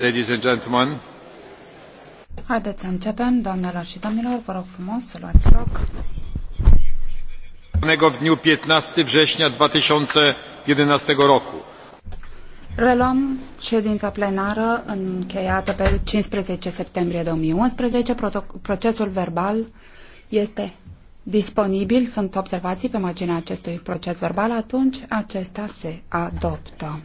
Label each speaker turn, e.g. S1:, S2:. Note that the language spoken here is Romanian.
S1: Ladies and gentlemen.
S2: Haideți să începem, doamnelor și domnilor, vă rog frumos să luați loc.
S1: W dniu 15 września 2011 roku.
S2: Reluăm ședința plenară încheiată pe 15 septembrie 2011. Procesul verbal este disponibil, sunt observații pe marginea acestui proces verbal, atunci acesta se adoptă.